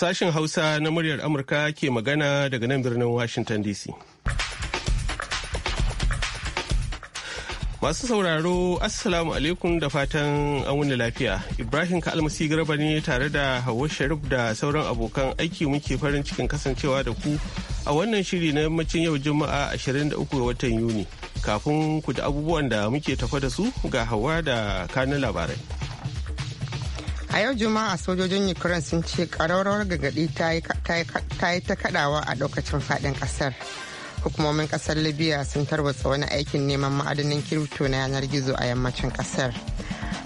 Sashen Hausa na muryar Amurka ke magana daga nan birnin Washington DC. Masu sauraro, Assalamu alaikum da fatan an wuni lafiya. Ibrahim Kalmasi Garba ne tare da hawa Sharif da sauran abokan aiki muke farin cikin kasancewa da ku a wannan shiri na yammacin yau Juma'a 23 ga watan Yuni. Kafin ku da abubuwan da muke tafa da su ga hawa da kanun labarai. a yau juma'a sojojin ukraine sun ce ƙararrawar gargaɗi ta yi ta kaɗawa a lokacin faɗin ƙasar hukumomin ƙasar libya sun tarwatsa wani aikin neman ma'adanin kirito na yanar gizo a yammacin ƙasar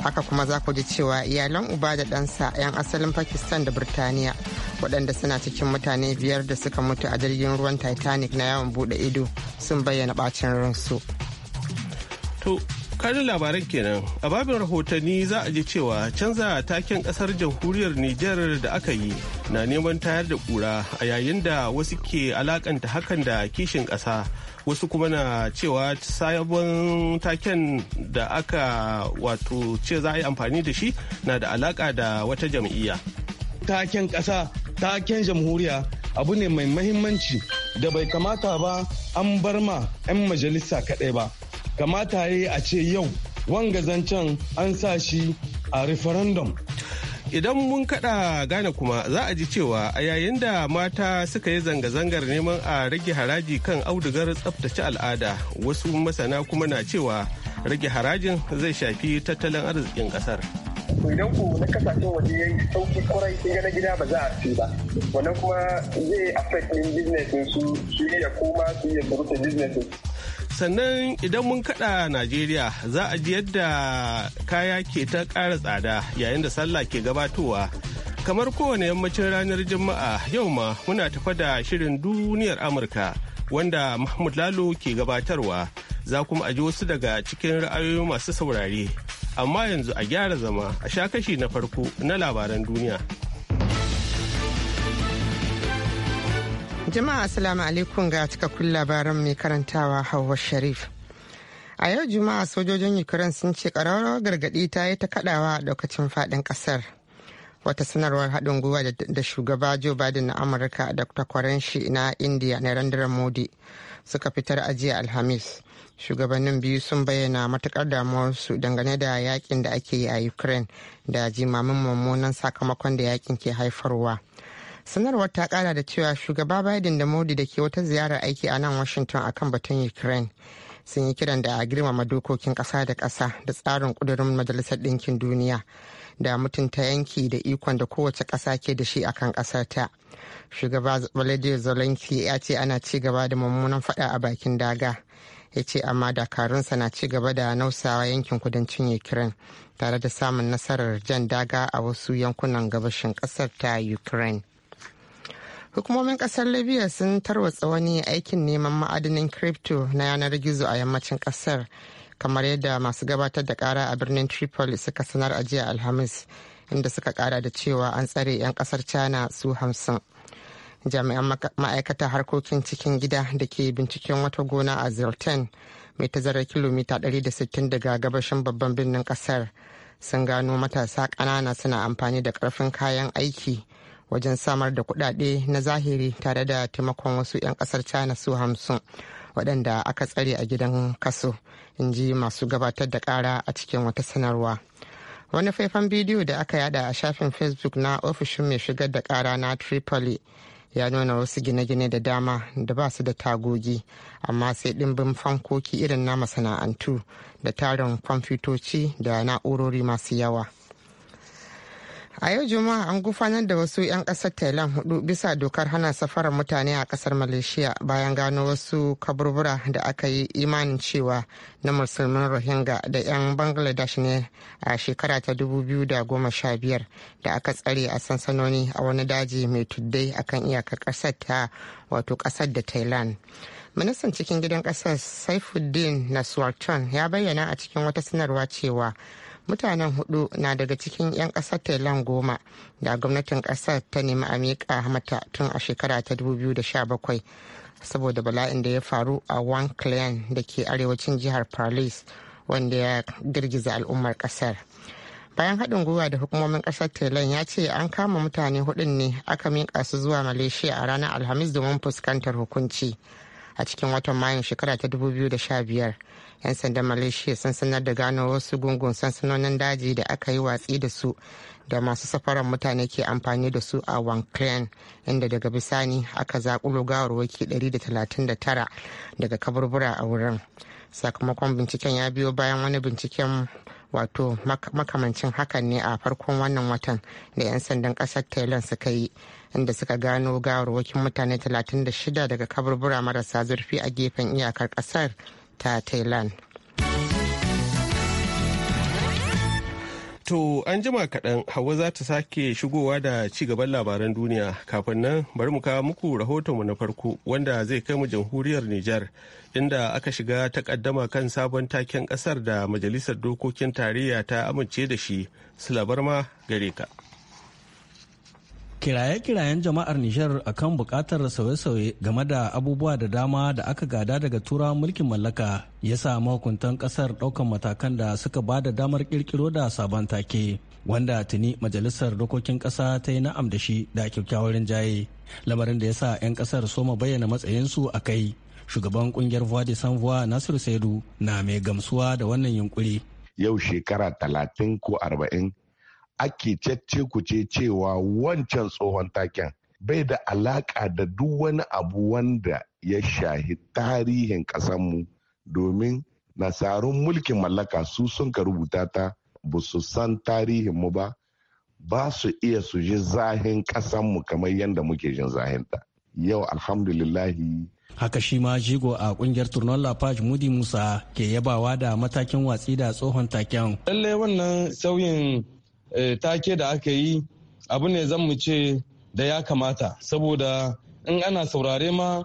haka kuma za ku ji cewa iyalan uba da ɗansa 'yan asalin pakistan da birtaniya waɗanda suna cikin mutane biyar da suka mutu a jirgin ruwan titanic na yawon buɗe ido sun bayyana ɓacin ransu kanin labaran kenan a babin rahotanni za a ji cewa canza taken kasar jamhuriyar niger da aka yi na neman tayar da kura a yayin da wasu ke alakanta hakan da kishin kasa wasu kuma na cewa sabon taken da aka wato ce za a yi amfani da shi na da alaka da wata jam'iyya taken kasa taken jamhuriya abu ne mai mahimmanci da bai kamata ba an bar ma 'yan majalisa kadai ba kamata ya a ce yau wanga zancen an sa shi a referendum idan mun kada gane kuma za a ji cewa a yayin da mata suka yi zanga-zangar neman a rage haraji kan audugar tsabtace al'ada wasu masana kuma na cewa rage harajin zai shafi tattalin arzikin kasar idan ku na kasashen waje ya yi sauki kwarai sun na gida ba za a fi ba wannan kuma zai affect din business su su iya koma su iya business sannan idan mun kada najeriya za a ji yadda kaya ke ta ƙara tsada yayin da sallah ke gabatowa kamar kowane yammacin ranar juma'a yau ma muna tafa da shirin duniyar amurka wanda mahmud lalo ke gabatarwa za kuma a ji wasu daga cikin ra'ayoyi masu saurare amma yanzu a gyara zama a sha kashi na farko na labaran duniya. jama'a assalamu alaikum ga cikakkun labaran mai karantawa hauwa sharif a yau juma'a sojojin ukraine sun ce ƙararrawar gargaɗi ta yi ta kaɗawa a lokacin faɗin ƙasar wata sanarwar haɗin gwiwa da shugaba joe biden na amurka dr kwarenshi na india narendra modi suka fitar a jiya alhamis shugabannin biyu sun bayyana matukar damuwarsu dangane da yakin da ake yi a ukraine da jimamin mummunan sakamakon da yakin ke haifarwa sanarwar ta kara da cewa shugaba biden da modi da ke wata ziyarar aiki a nan washington akan batun ukraine sun yi kiran da a girmama dokokin kasa da kasa da tsarin kudurin majalisar ɗinkin duniya da mutunta yanki da ikon da kowace kasa ke da shi akan ƙasar ta shugaba volodymyr zelensky ya ce ana ci gaba da mummunan fada a bakin daga ya ce amma dakarunsa na ci gaba da nausawa yankin kudancin ukraine tare da samun nasarar jan daga a wasu yankunan gabashin kasar ta ukraine hukumomin kasar libya sun tarwatsa wani aikin neman ma'adinin crypto na yanar gizo a yammacin kasar kamar yadda masu gabatar da kara a birnin tripoli suka sanar a jiya alhamis inda suka kara da cewa an tsare 'yan kasar china su hamsin jami'an ma'aikata harkokin cikin gida da ke binciken wata gona a zilten mai tazarar kilomita 160 daga gabashin babban birnin kasar sun gano matasa ƙanana suna amfani da karfin kayan aiki wajen samar da kuɗaɗe na zahiri tare da taimakon wasu 'yan ƙasar china su hamsin waɗanda aka tsare a gidan kaso in ji masu gabatar da kara a cikin wata sanarwa wani faifan bidiyo da aka yada a shafin facebook na ofishin mai shigar da kara na tripoli ya nuna wasu gine-gine da dama da ba su da tagogi amma sai ɗimbin fankoki irin na masana'antu da tarin kwamfutoci da na'urori masu yawa. a yau juma'a an gufanar da wasu 'yan kasar thailand hudu bisa dokar hana safarar mutane a kasar malaysia bayan gano wasu kaburbura da aka yi imanin cewa na musulman rohingya da 'yan bangladesh ne a shekara ta 2015 da aka tsare a sansanoni a wani daji mai tuddai akan iyakar kasar ta wato kasar da thailand ministan cikin gidan kasar saifuddin naswarton ya bayyana a cikin wata sanarwa cewa mutanen hudu na daga cikin 'yan kasar thailand goma da gwamnatin kasar ta nemi a miƙa mata tun a shekara ta 2017 saboda bala'in da ya faru a wan clan da ke arewacin jihar paris wanda ya girgiza al'ummar kasar bayan haɗin gwiwa da hukumomin ƙasar thailand ya ce an kama mutane hudun ne aka miƙa su zuwa malaysia a ranar alhamis domin fuskantar hukunci a cikin watan mayun shekara ta 2015 'yan sandan malaysia sun sanar da gano wasu gungun sansanonin daji da aka yi watsi da su da masu safarar mutane ke amfani da su a wankren inda daga bisani aka zakulo gawarwaki 139 daga kaburbura a wurin sakamakon binciken ya biyo bayan wani binciken wato makamancin hakan ne a farkon wannan watan da 'yan sandan kasar thailand suka yi inda suka gano gawarwakin mutane 36 daga kaburbura marasa zurfi a gefen iyakar kasar ta thailand To an jima kaɗan hawa za ta sake shigowa da ci gaban labaran duniya kafin nan bari mu kawo muku rahotonmu na farko wanda zai kai mu jamhuriyar Nijar inda aka shiga takaddama kan sabon taken ƙasar da Majalisar Dokokin Tarayya ta amince da shi. sulabarma ma gare ka. kiraye-kirayen jama'ar Nijar akan bukatar sauye-sauye game da abubuwa da dama da aka gada daga tura mulkin mallaka ya sa mahukuntan kasar daukan matakan da suka ba da damar kirkiro da sabon take wanda tuni majalisar dokokin kasa ta yi na'am da shi da kyakkyawar jaye lamarin da ya sa 'yan kasar ma bayyana matsayinsu a kai shugaban kungiyar voix de nasiru saidu na mai gamsuwa da wannan yunkuri yau shekara talatin ko arba'in ake cece cewa wancan tsohon taken bai da alaƙa da duk wani abu wanda ya shahi tarihin ƙasanmu domin nasarun mulkin mallaka su sun ka rubuta ta ba su san tarihinmu ba ba su iya su ji zahin ƙasanmu kamar yadda muke jin zahinta yau alhamdulillahi haka shi ma jigo a kungiyar turnon lafaj mudi musa ke yabawa da matakin watsi da tsohon taken lallai wannan sauyin Eh, take da aka yi abu ne zan mu ce da ya kamata saboda in ana saurare ma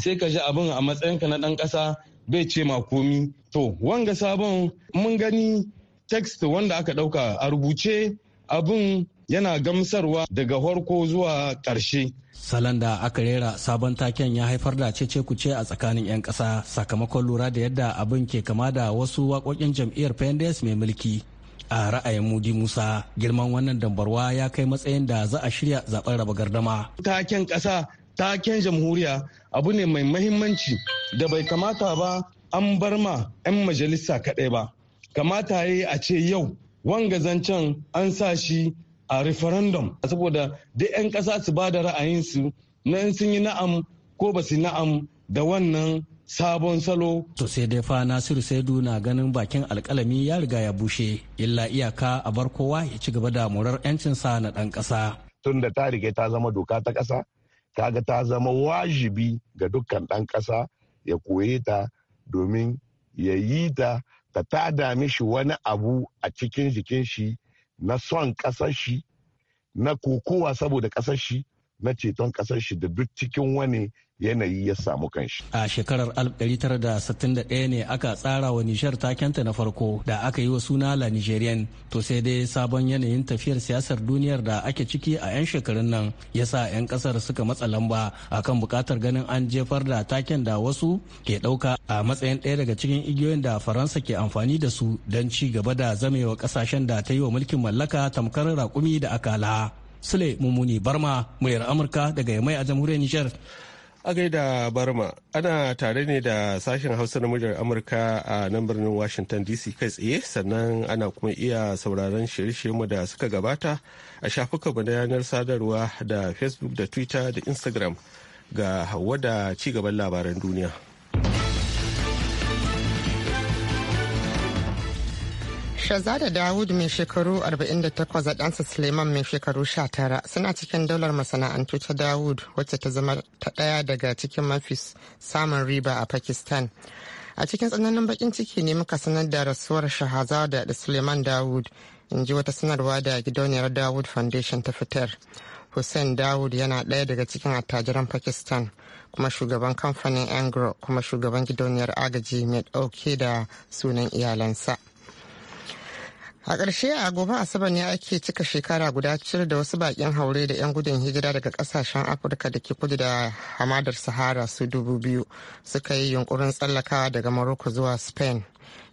sai ka ji abin a matsayinka na ɗan ƙasa bai ce ma komi to wanga sabon mun gani text wanda aka ɗauka a rubuce abin yana gamsarwa daga farko zuwa ƙarshe. Salon da aka rera sabon taken ya haifar da cece ce a tsakanin 'yan ƙasa sakamakon lura da yadda abin ke kama da wasu waƙoƙin jam'iyyar pendes mai mulki a ra'ayin mudi musa girman wannan dambarwa ya kai matsayin da za a shirya zaben raba gardama taken ƙasa taken jamhuriya abu ne mai mahimmanci da bai kamata ba an bar ma 'yan majalisa kaɗai ba kamata ya a ce yau wanga zancen an sa shi a referendum saboda duk 'yan ƙasa su ba da ra'ayinsu na sun yi na'am ko ba su na'am da wannan sabon salo. To sai dai fa Nasiru Saidu na ganin bakin alkalami ya riga ya bushe, illa iyaka a bar kowa ya ci gaba da murar yancin sa na ɗan ƙasa. tunda da ta rike ta zama doka ta ƙasa, ga ta zama wajibi ga dukkan ɗan ƙasa ya koye ta domin ya yi ta ta tada shi wani abu a cikin jikin shi na son ƙasar shi, na kokowa saboda ƙasar shi, na ceton kasar shi da duk cikin wani yanayi ya samu kanshi. A shekarar 1961 ne aka tsara wa Nishar takenta na farko da aka yi wa suna La Nigerian to sai dai sabon yanayin tafiyar siyasar duniyar da ake ciki a 'yan shekarun nan ya sa 'yan kasar suka matsa lamba a kan bukatar ganin an jefar da taken da wasu ke ɗauka a matsayin ɗaya daga cikin igiyoyin da Faransa ke amfani da su don ci gaba da zamewa ƙasashen da ta yi wa mulkin mallaka tamkar raƙumi da akala. Sule mummuni Barma, muryar Amurka daga Yamai a jamhuriyar Nijar. A gaida Barma, ana tare ne da sashen Hausa na muryar Amurka a nan birnin Washington DC kai tsaye, sannan ana kuma iya sauraron shirye-shiryenmu da suka gabata a shafukanmu na yanar sadarwa da Facebook da Twitter da Instagram ga hawa da cigaban labaran duniya. Shahzada Dawud mai shekaru 48 da ɗansa Suleiman mai shekaru 19 suna cikin daular masana'antu ta Dawud wacce ta zama ta ɗaya daga cikin mafi samun riba a Pakistan. A cikin tsananin bakin ciki ne muka sanar da rasuwar Shahzada da Suleiman Dawud in ji wata sanarwa da gidauniyar Dawud Foundation ta fitar. Hussein Dawud yana ɗaya daga cikin attajiran Pakistan kuma shugaban kamfanin Angro kuma shugaban gidauniyar agaji mai ɗauke da sunan iyalansa. a ƙarshe a gobe asabar ne ake cika shekara guda cire da wasu baƙin haure da 'yan gudun hijira daga ƙasashen afirka da ke kudu da hamadar sahara su dubu biyu suka yi yunkurin tsallakawa daga morocco zuwa spain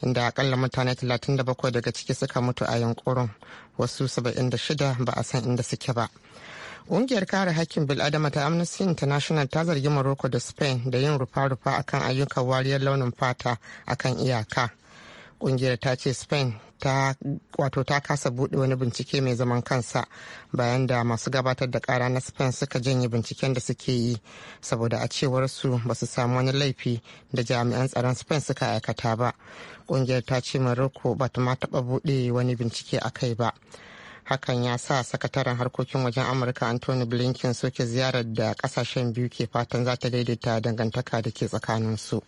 inda akalla mutane 37 daga ciki suka mutu a yunkurin wasu 76 ba a san inda suke ba ƙungiyar kare hakkin bil'adama ta amnesty international ta zargi morocco da spain da yin rufa-rufa akan ayyukan wariyar launin fata akan iyaka ƙungiyar ta ce spain ta wato ta kasa bude wani bincike mai zaman kansa bayan da masu gabatar da kara na spain suka janye binciken da suke yi saboda a cewar su ba su samu wani laifi da jami'an tsaron spain suka aikata ba kungiyar ta ce maroko ba ta ma taba bude wani bincike a kai ba hakan ya sa sakataren harkokin wajen amurka anthony blinken soke ziyarar da kasashen biyu ke fatan za ta daidaita dangantaka da ke tsakaninsu. su.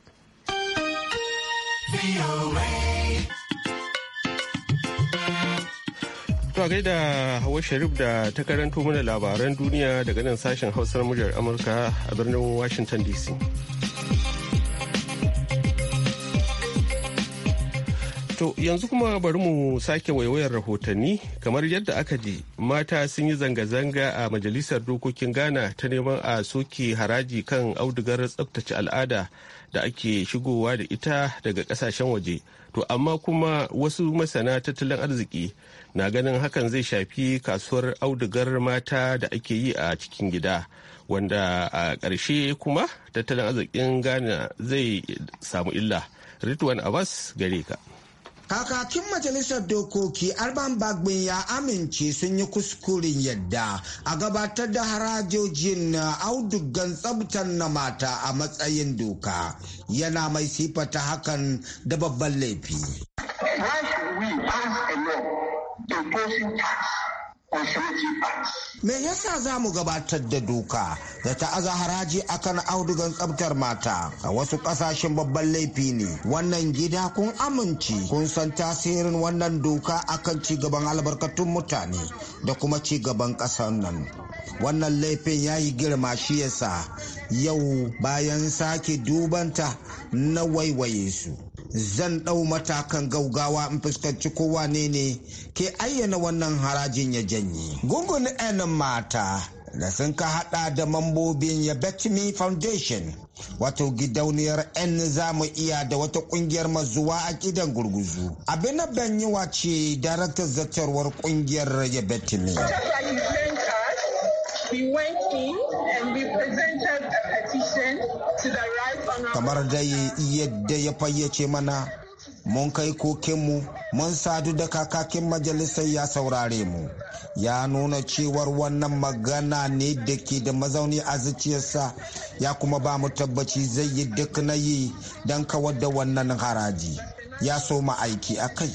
To gaida Hawa Sharif da ta karanto mana labaran duniya daga nan sashen hausar muryar Amurka a birnin Washington DC. To yanzu kuma bari mu sake waiwayar rahotanni kamar yadda aka ji mata sun yi zanga-zanga a majalisar dokokin Ghana ta neman a soke haraji kan audugar tsabtace al'ada da ake shigowa da ita daga kasashen waje to amma kuma wasu masana tattalin arziki na ganin hakan zai shafi kasuwar audugar mata da ake yi a cikin gida wanda a ƙarshe kuma tattalin arzikin ghana zai samu illa ritwan abbas gare ka kakakin majalisar dokoki arban bagbin ya amince sun yi kuskurin yadda a gabatar da harajojin audugan tsabtar na mata a matsayin doka yana mai sifata hakan da babban laifi Me yasa za mu gabatar da doka da ta aza haraji akan audugan tsabtar mata a wasu kasashen babban laifi ne wannan gida kun amince kun san tasirin wannan doka akan ci gaban albarkatun mutane da kuma cigaban gaban nan wannan laifin ya yi girma shi yasa yau bayan sake dubanta na waiwaye su zan ɗau matakan gaugawa in fuskanci kowa ne ne ke ayyana wannan harajin ya janye. Gungun 'yan mata da sun ka hada da mambobin ya Betmi Foundation wato gidauniyar 'yan mu iya da wata ƙungiyar mazuwa a gidan gurguzu. Abin na banyewa ce daraktar zartarwar kungiyar ya Betmi. We went in and we presented kamar dai yadda ya fayyace mana mun kai kokinmu mun sadu da kakakin majalisar ya saurare mu ya nuna cewar wannan magana ne da ke da mazauni a zuciyarsa ya kuma ba mu tabbaci zai yi duk na yi don kawar da wannan haraji ya so ma aiki a kai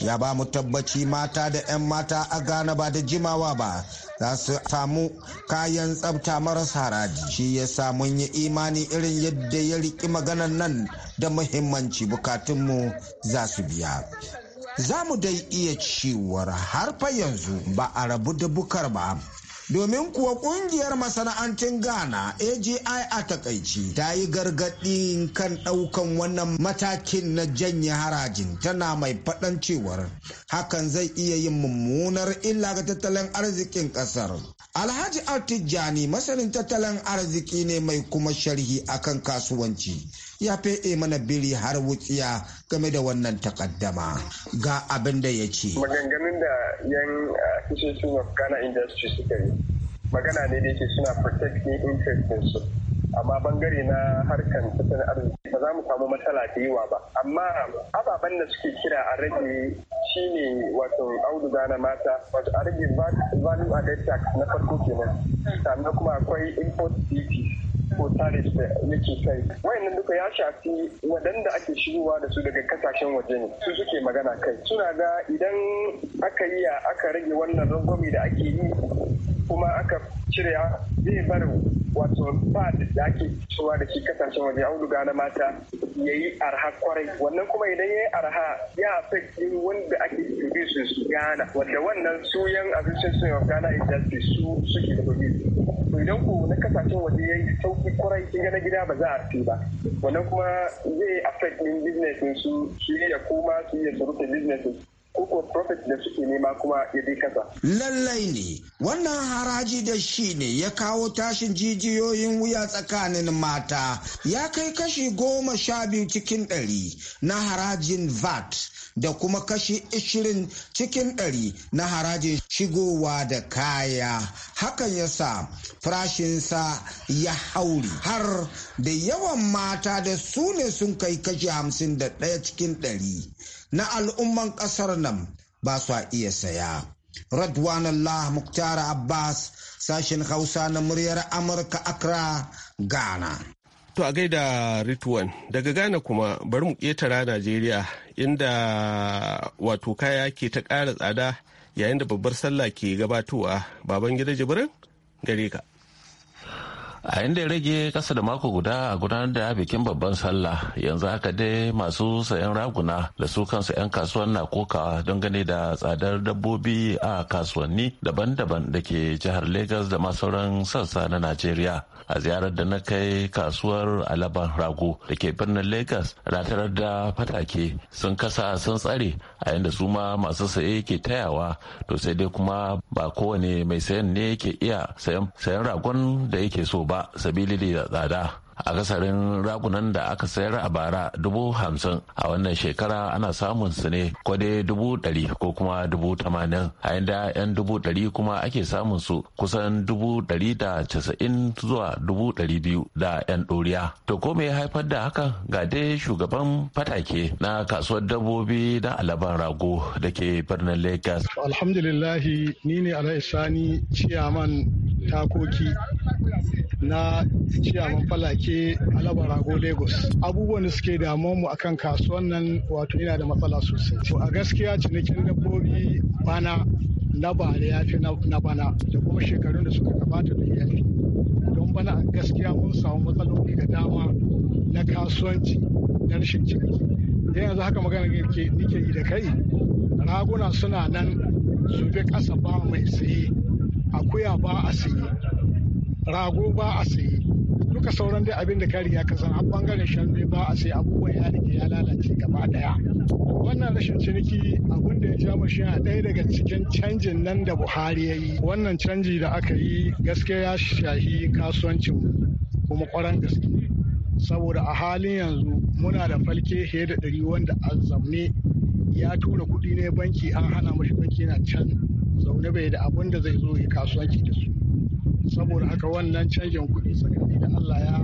ya ba mu tabbaci mata da 'yan mata a gana ba da jimawa ba za su samu kayan tsabta marasa haraji shi ya samu yi imani irin yadda ya riƙi maganar nan da muhimmanci bukatunmu za su biya za mu dai iya cewar har fa yanzu ba a rabu da bukar ba domin kuwa kungiyar masana'antun ghana agi a takaici ta yi gargaɗi kan ɗaukan wannan matakin na janye harajin tana mai faɗan cewar hakan zai iya yin mummunar illa ga tattalin arzikin ƙasar alhaji artijani masanin tattalin arziki ne mai kuma sharhi akan kasuwanci ya fe'e mana biri har wutsiya game da wannan takaddama ga abin da ya ce. Maganganun da yan Association ah, of Ghana Industry suka yi magana ne da yake suna protecting interest su amma bangare na harkar tattalin arziki ba za mu samu matsala da yawa ba amma ababen da suke kira a rage shine wato auduga na mata wato a rage value added tax na farko kenan sannan kuma akwai import duties ko Paris da yake kai wayannan duka ya shafi waɗanda ake shigowa da su daga kasashen waje ne su suke magana kai suna ga idan aka yi aka rage wannan rangwami da ake yi kuma aka cire zai bar wato ba da ake cewa da shi kasashen waje auduga na mata ya yi arha kwarai wannan kuma idan ya yi arha ya affect wanda ake producing su gana wanda wannan su yan abincin su gana industry su suke da idan ku na kasashen waje ya yi sauki kwarai sun gana na gida ba za a ci ba wannan kuma zai affect din business su su ya koma su yi ya su business ko profit da suke nema kuma ya dai kasa. Lallai ne wannan haraji da shi ne ya kawo tashin jijiyoyin wuya tsakanin mata ya kai kashi goma sha biyu cikin ɗari na harajin VAT da kuma kashi ishirin cikin ɗari na harajin shigowa da kaya hakan ya sa farashinsa ya hauri har da yawan mata da su ne sun kai kashi hamsin da ɗaya cikin ɗari na al'umman ƙasar nan ba su iya saya. Radwanallah muktara Abbas sashen Hausa na muryar Amurka Accra, Ghana. To a gaida Ritwan daga Ghana kuma bari mu ƙetara Najeriya inda wato kaya ke ta ƙara tsada yayin da babbar sallah ke gabatowa baban gida jibirin gare ka. a inda ya rage kasa da mako guda a gudanar da bikin babban sallah yanzu haka dai masu sayan raguna da su kansu 'yan kasuwan na kokawa don gane da tsadar dabbobi a kasuwanni daban-daban da ke jihar lagos da ma sauran sassa na najeriya a ziyarar da na kai kasuwar alaban rago da ke birnin lagos ratarar da fatake sun kasa sun tsare a yadda su ma masu saye ke tayawa to sai dai kuma ba kowane mai sayan ne ke iya sayan ragon da yake so ba sabili da tsada A kasarin ragunan da aka sayar a bara dubu hamsin a wannan shekara ana samun su ne kwade dubu dari ko kuma dubu tamanin a yanda yan dubu dari kuma ake samun su kusan dubu dari da casa'in zuwa dubu dari biyu da yan ɗoriya to ko me haifar da haka ga dai shugaban fatake na kasuwar dabbobi da alaban rago da ke birnin lagos alhamdulillahi ni ne ciyaman takoki na ciyaman falaki ke alaba rago lagos abubuwan da suke damuwan mu akan kasuwan nan wato yana da matsala sosai to a gaskiya cinikin dabbobi bana na bare ya fi na bana da kuma shekarun da suka gabata da ya fi don bana a gaskiya mun samu matsaloli da dama na kasuwanci na rashin ciniki da yanzu haka magana ke nike yi da kai raguna suna nan su bi ƙasa ba mai saye akuya ba a saye rago ba a saye duka sauran dai abin da ka riga ka san an bangaren shanu ba a sai abubuwan ya rike ya lalace gaba daya wannan rashin ciniki abin da ya ja mu shi ɗaya daga cikin canjin nan da buhari ya yi wannan canji da aka yi gaskiya ya shahi kasuwancin kuma kwaran gaske saboda a halin yanzu muna da falke fiye da ɗari wanda a zamne ya tura kuɗi ne banki an hana mashi banki na can zaune bai da abin da zai zo ya kasuwanci da su saboda haka wannan canjin kuɗi tsakani da Allah ya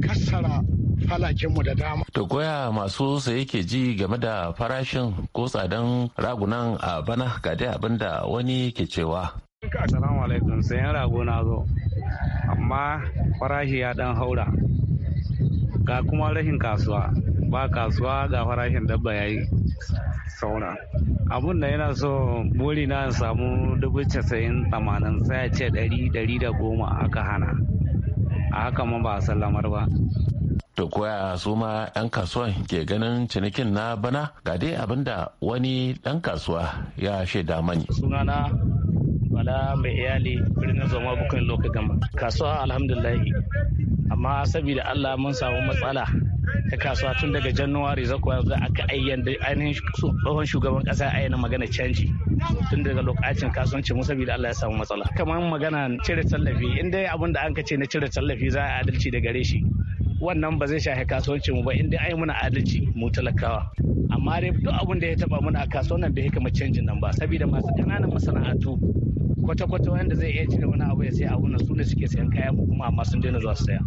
kassara falakinmu da dama. Da goya masu saye ke ji game da farashin ko tsadan ragunan a bana ga dai abin da wani ke cewa. Assalamu alaikum sayan rago na zo amma farashi ya dan haura ga kuma rashin kasuwa ba kasuwa ga farashin dabba yayi sauna abun da yana so buri na samu dubu casa'in tamanin sai ce ɗari ɗari da goma aka hana a haka ma ba a sallamar ba to koya su ma 'yan kasuwan ke ganin cinikin na bana ga dai abinda wani ɗan kasuwa ya shaida mani sunana bala mai iyali birnin zoma bukan lokacin gama kasuwa alhamdulahi amma saboda allah mun samu matsala ta kasuwa tun daga januwari zaku yanzu aka da ainihin tsohon shugaban kasa ayyana magana canji tun daga lokacin kasuwanci mu saboda Allah ya samu matsala kamar magana cire tallafi in dai abin da an kace na cire tallafi za a adalci da gare shi wannan ba zai shafi kasuwanci mu ba in dai ai muna adalci mu talakawa amma dai duk abin da ya taba muna a kasuwannan bai kama canjin nan ba saboda masu kananan masana'antu kwata-kwata wanda zai iya cire wani abu ya sai a wannan su ne suke sayan kaya ko kuma amma sun daina zuwa saya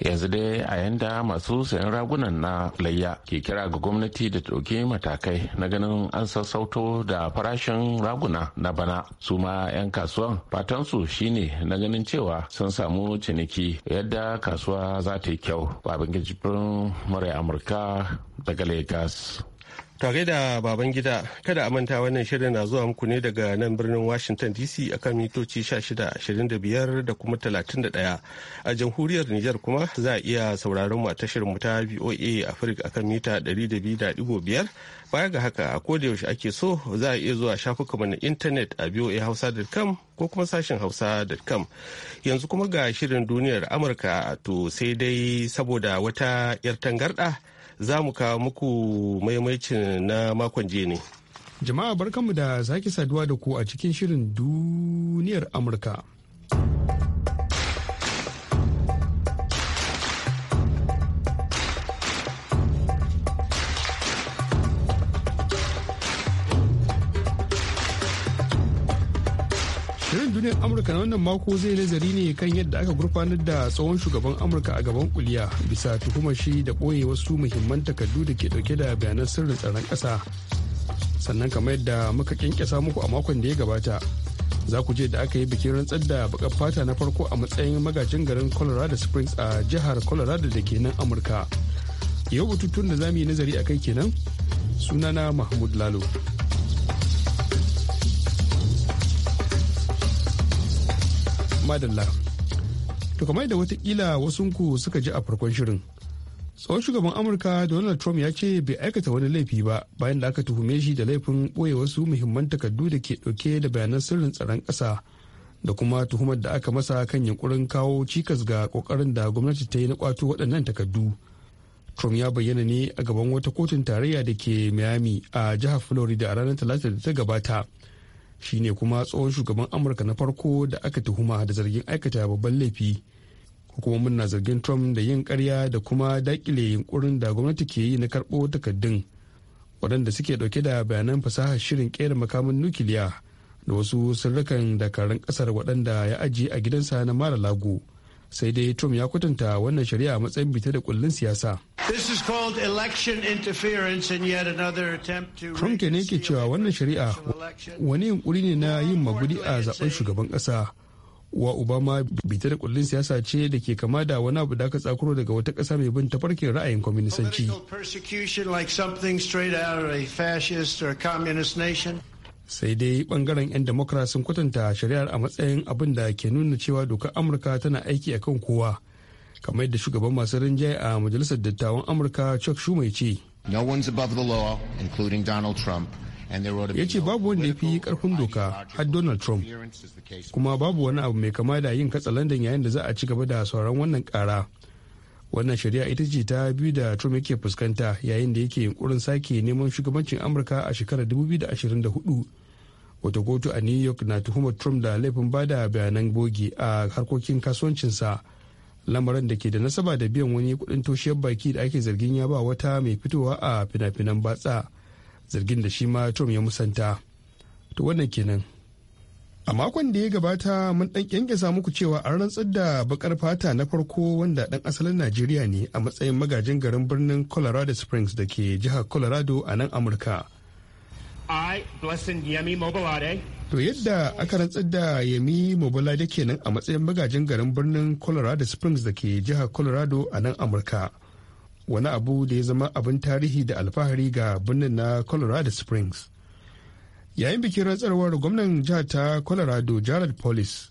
yanzu dai a yanda masu sayan ragunan na layya ke kira ga gwamnati da ɗauki matakai na ganin an sassauto da farashin raguna na bana su ma 'yan kasuwan fatansu shine na ganin cewa sun samu ciniki yadda kasuwa za ta yi kyau babin gajibin murai amurka daga lagos Tare da baban gida, kada a manta wannan shirin na zuwa muku ne daga nan birnin Washington DC a kan mitoci 1625 da kuma 31. A jamhuriyar Nijar kuma za a iya sauraron mu tashar muta ta VOA Africa akan mita 200.5. Baya ga haka a koda yaushe ake so za a iya zuwa shafukanmu na intanet a voahausa.com ko kuma sashen hausa.com. Yanzu kuma ga shirin duniyar Amurka to sai dai saboda wata 'yar tangarɗa. za mu kawo muku maimaicin na makon jiya ne. Jama'a barkanmu da sake saduwa da ku a cikin shirin duniyar Amurka. Amurka na wannan mako zai nazari ne kan yadda aka gurfanar da tsohon shugaban Amurka a gaban kuliya bisa tuhumar shi da ɓoye wasu muhimman takardu da ke ɗauke da bayanan sirrin tsaron ƙasa. Sannan kamar yadda muka kyankyasa muku a makon da ya gabata, za ku je da aka yi bikin rantsar da bakar fata na farko a matsayin magajin garin colorado springs a jihar colorado da ke nan amurka yau batutun da zamu yi nazari a kai kenan sunana mahmud lalo madalla to kamar da watakila wasunku suka ji a farkon shirin tsohon shugaban amurka donald trump ya ce bai aikata wani laifi ba bayan da aka tuhume shi da laifin ɓoye wasu muhimman takardu da ke dauke da bayanan sirrin tsaron kasa da kuma tuhumar da aka masa kan yankurin kawo cikas ga kokarin da gwamnati ta yi na kwato waɗannan takardu Trump ya bayyana ne a gaban wata kotun tarayya da ke Miami a jihar Florida a ranar Talata da ta gabata shine kuma tsohon shugaban amurka na farko da aka tuhuma da zargin aikata babban laifi hukumomin na zargin trump da yin karya da kuma dakile yunkurin da gwamnati ke yi na karɓo takaddun waɗanda suke ɗauke da bayanan fasaha shirin ƙera makamin nukiliya da wasu sirrukan dakarun ƙasar waɗanda ya ajiye a gidansa na mara lago sai dai trump ya kwatanta wannan shari'a a matsayin bita da kullun siyasa trump ke ne ke cewa wannan shari'a wani yunkuri ne na yin magudi a zaben shugaban kasa wa obama bita da kullun siyasa ce da ke kama da wani abu da aka tsakuro daga wata kasa mai bin tafarkin ra'ayin kwaminisanci sai dai bangaren 'yan democrat sun kwatanta shari'ar a matsayin abin da ke nuna cewa dokar amurka tana aiki a kan kowa kamar yadda shugaban masu rinjaye a majalisar dattawan amurka chuck schumer ce ya ce babu wanda ya fi karfin doka har donald trump kuma babu wani abu mai kama da yin katsalandan yayin da za a ci gaba da sauran wannan kara wannan shari'a ita ce ta biyu da trump yake fuskanta yayin da yake yunkurin sake neman shugabancin amurka a shekarar 2024 wata kotu a new york na tuhumar trump da laifin bada bayanan bogi a harkokin kasuwancinsa lamarin da ke da nasaba da biyan wani kudin toshiyar baki da ake zargin ya ba wata mai fitowa a fina-finan batsa zargin da shi ma trump ya musanta to wannan kenan a makon da ya gabata mun dan kyankyasa muku cewa an rantsar da bakar fata na farko wanda dan asalin najeriya ne a matsayin magajin garin birnin colorado springs da ke jihar colorado a nan amurka To yadda aka rantsar da Yemi Mobilade kenan a matsayin magajin garin birnin Colorado Springs da ke jihar Colorado a nan Amurka. Wani abu da ya zama abin tarihi da alfahari ga birnin na Colorado Springs. Yayin bikin rantsarwar gwamnan jihar ta Colorado Jared Polis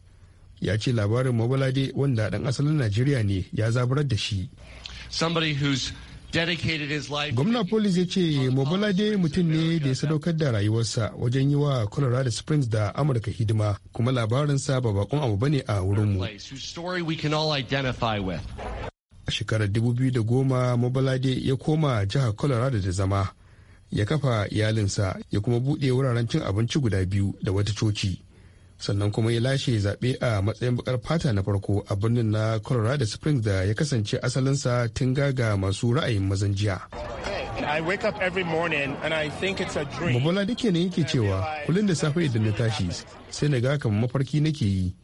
ya ce labarin Mobilade wanda ɗan asalin Najeriya ne ya zaburar da shi. Somebody who's Gwamna Polis ya ce Mobolade mutum ne da ya sadaukar da rayuwarsa wajen yi wa Colorado Springs da Amurka hidima kuma labarinsa ba bakon abu bane a wurinmu. A shekarar 2010 Mobolade ya koma jihar Colorado da zama, ya kafa iyalinsa ya kuma buɗe wuraren cin abinci guda biyu da wata coci. sannan kuma ya lashe zaɓe a matsayin bakar fata na farko a birnin na colorado springs da ya kasance asalinsa tun gaga masu ra'ayin mazan jiya mabola duke ne yake cewa kullum da safe idan na tashi sai na ga kamar mafarki nake yi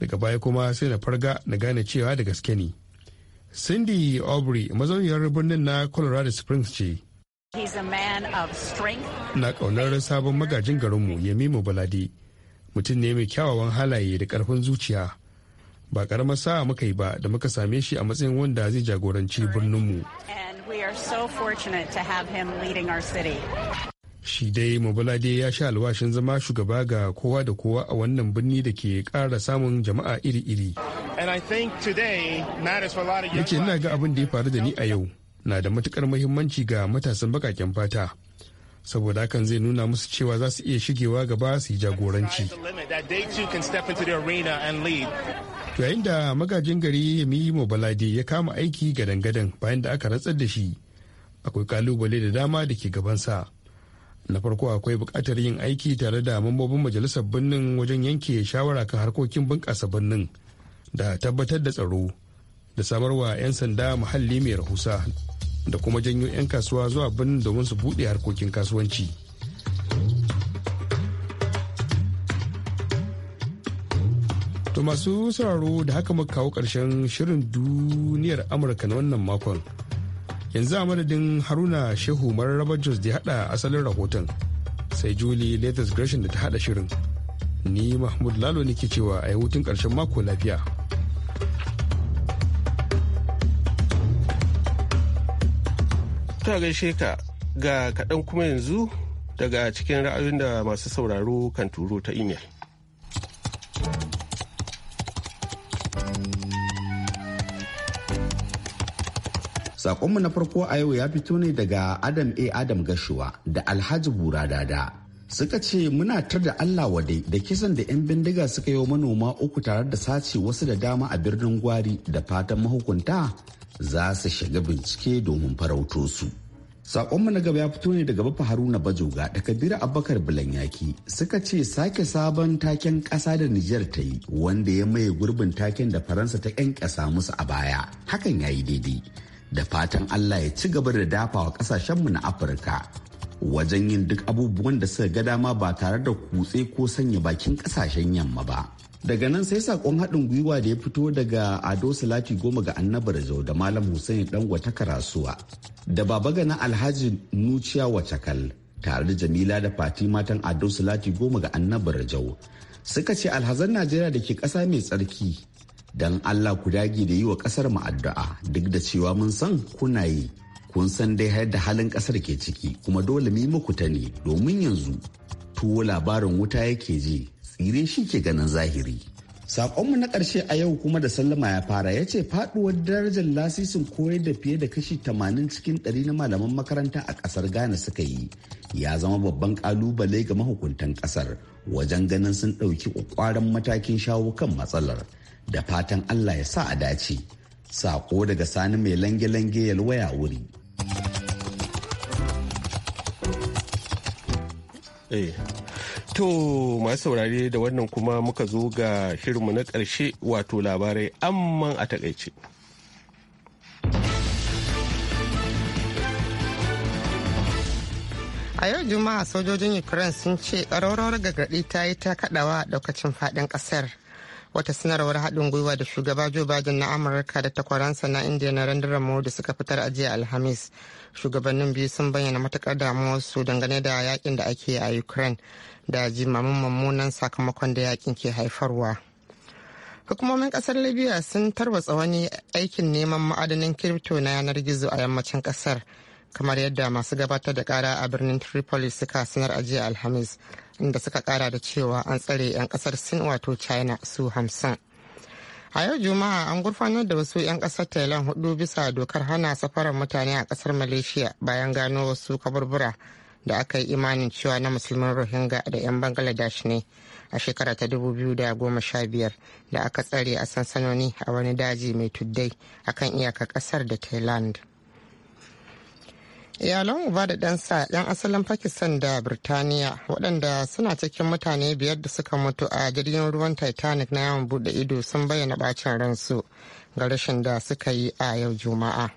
daga baya kuma sai na farga na gane cewa da gaske ne cindy aubrey mazauniyar birnin na colorado springs ce na kaunar sabon magajin garinmu yamimu baladi mutum ne mai kyawawan halaye da karfin zuciya ba karamar sa muka yi ba da muka same shi a matsayin wanda zai jagoranci birninmu shi dai mabalade ya sha alwashin zama shugaba ga kowa da kowa a wannan birni da ke kara samun jama'a iri-iri yace ina ga abin da ya faru da ni a yau na da matukar muhimmanci ga matasan bakaken fata saboda hakan zai nuna musu cewa za su iya shigewa gaba su yi jagoranci. To yayin da magajin gari Yemi Balade ya kama aiki gadan-gadan bayan da aka rantsar da shi, akwai kalubale da dama da ke gabansa. Na farko akwai bukatar yin aiki tare da mambobin majalisar birnin wajen yanke shawara kan harkokin bunƙasa birnin da tabbatar da tsaro da samarwa 'yan sanda muhalli mai rahusa da kuma janyo 'yan kasuwa zuwa birnin domin su buɗe harkokin kasuwanci. To masu sauraro da haka muka kawo ƙarshen shirin duniyar Amurka na wannan makon. Yanzu a madadin Haruna Shehu Mararraba Jos da haɗa asalin rahoton sai Julie Latest Gresham da ta haɗa shirin. Ni Mahmud Lalo ne ke cewa a yi hutun ƙarshen mako lafiya. ta gaishe ka ga kaɗan kuma yanzu daga cikin ra'ayoyin da masu sauraro kan turo ta imel. Sakonmu na farko a yau ya fito ne daga Adam A. Adam Gashuwa da Alhaji Bura Dada. Suka ce muna tar da Allah wade da kisan da 'yan bindiga suka yi manoma uku tare da sace wasu da dama a birnin gwari da fatan mahukunta za su shiga bincike domin farauto su. Sakonmu na gaba ya fito ne daga bafa Haruna Bajoga da Kabiru Abubakar Bulanyaki suka ce sake sabon taken ƙasa da Nijar ta yi wanda ya maye gurbin taken da Faransa ta ƙyanƙyasa musu a baya. Hakan ya yi daidai. Da fatan Allah ya ci gaba da dafa wa ƙasashenmu na Afirka wajen yin duk abubuwan da suka ga dama ba tare da kutse ko sanya bakin ƙasashen yamma ba. daga nan sai sakon haɗin gwiwa da ya fito daga ado salati goma ga annabar jau da malam hussein dan wata karasuwa da baba gana alhaji nuciya wacakal tare da jamila da fati matan ado salati goma ga annabar jau suka ce alhazan najeriya da ke ƙasa mai tsarki don allah ku dage da yi wa ƙasar mu addu'a duk da cewa mun san kuna yi kun san dai har da halin ƙasar ke ciki kuma dole mu yi muku ta ne domin yanzu tuwo labarin wuta yake ji tsire shi ke ganin zahiri. Sakonmu na ƙarshe a yau kuma da sallama ya fara ya ce faɗuwar darajar lasisin koyar da fiye da kashi tamanin cikin ɗari na malaman makaranta a ƙasar Ghana suka yi ya zama babban ƙalubale ga mahukuntan ƙasar wajen ganin sun ɗauki ƙwaƙwaran matakin shawo kan matsalar da fatan Allah ya sa a dace. Sako daga sani mai lange-lange yalwaya wuri. Eh, To masu saurare da wannan kuma muka zo ga shirinmu na ƙarshe wato labarai amma a takaice. a yau juma'a sojojin ukraine sun ce ƙararrawar gargaɗi ta yi ta kaɗawa ɗaukacin faɗin ƙasar wata sanarwar haɗin gwiwa da shugaba joe biden na amurka da takwaransa na indiya na randarar modi suka fitar a jiya alhamis shugabannin biyu sun bayyana matukar damuwarsu dangane da yakin da ake a ukraine da jimamin mummunan sakamakon da yakin ke haifarwa hukumomin kasar libya sun tarwatsa wani aikin neman ma'adanin kirito na yanar gizo a yammacin kasar kamar yadda masu gabatar da kara a birnin tripoli suka sanar a jiya alhamis inda suka kara da cewa an tsare 'yan kasar sin wato china su hamsin a yau juma'a an gurfanar da wasu 'yan kasar thailand hudu bisa dokar hana safarar mutane a kasar malaysia bayan gano wasu kaburbura da aka yi imanin cewa na musulman rohingya da 'yan bangladesh ne a shekara ta 2015 da aka tsare a sansanoni a wani daji mai tuddai akan iyakar kasar da thailand iyalan uba da ɗansa 'yan asalin pakistan da birtaniya waɗanda suna cikin mutane biyar da suka mutu a jirgin ruwan titanic na yawon buɗe ido sun bayyana bacin ransu ga rashin da suka yi a yau juma'a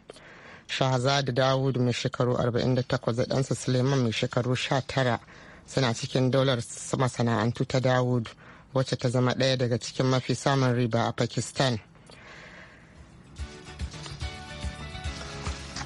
shahzad dawud mai shekaru 48 da ɗansa suleiman mai shekaru 19 suna cikin daular masana'antu ta dawud wacce ta zama ɗaya daga cikin mafi samun riba a pakistan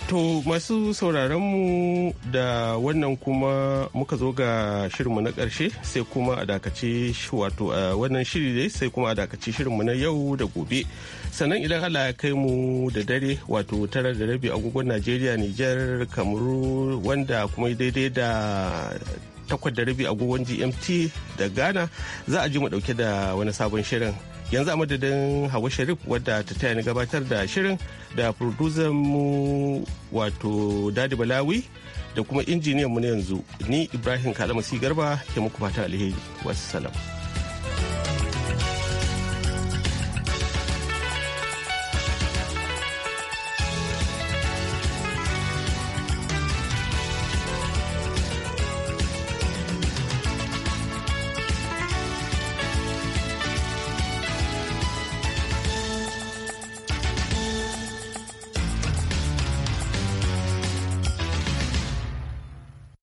To masu sauraronmu da wannan kuma muka zo ga shirinmu na ƙarshe sai kuma a dakace wato wannan shiri dai sai kuma a dakace shirinmu na yau da gobe. Sannan idan Allah ya kai mu da dare wato tara da rabi agogon Najeriya, Nijar, Kamaru wanda kuma daidai da takwas da rabi agogon GMT da Ghana za a ji mu dauke da wani sabon shirin. yanzu a madadin hawa sharif wadda ta taya ni gabatar da shirin da producer mu wato dadi balawi da kuma injiniyan mu na yanzu ni ibrahim kalamasi garba ke muku fata alheri wassalam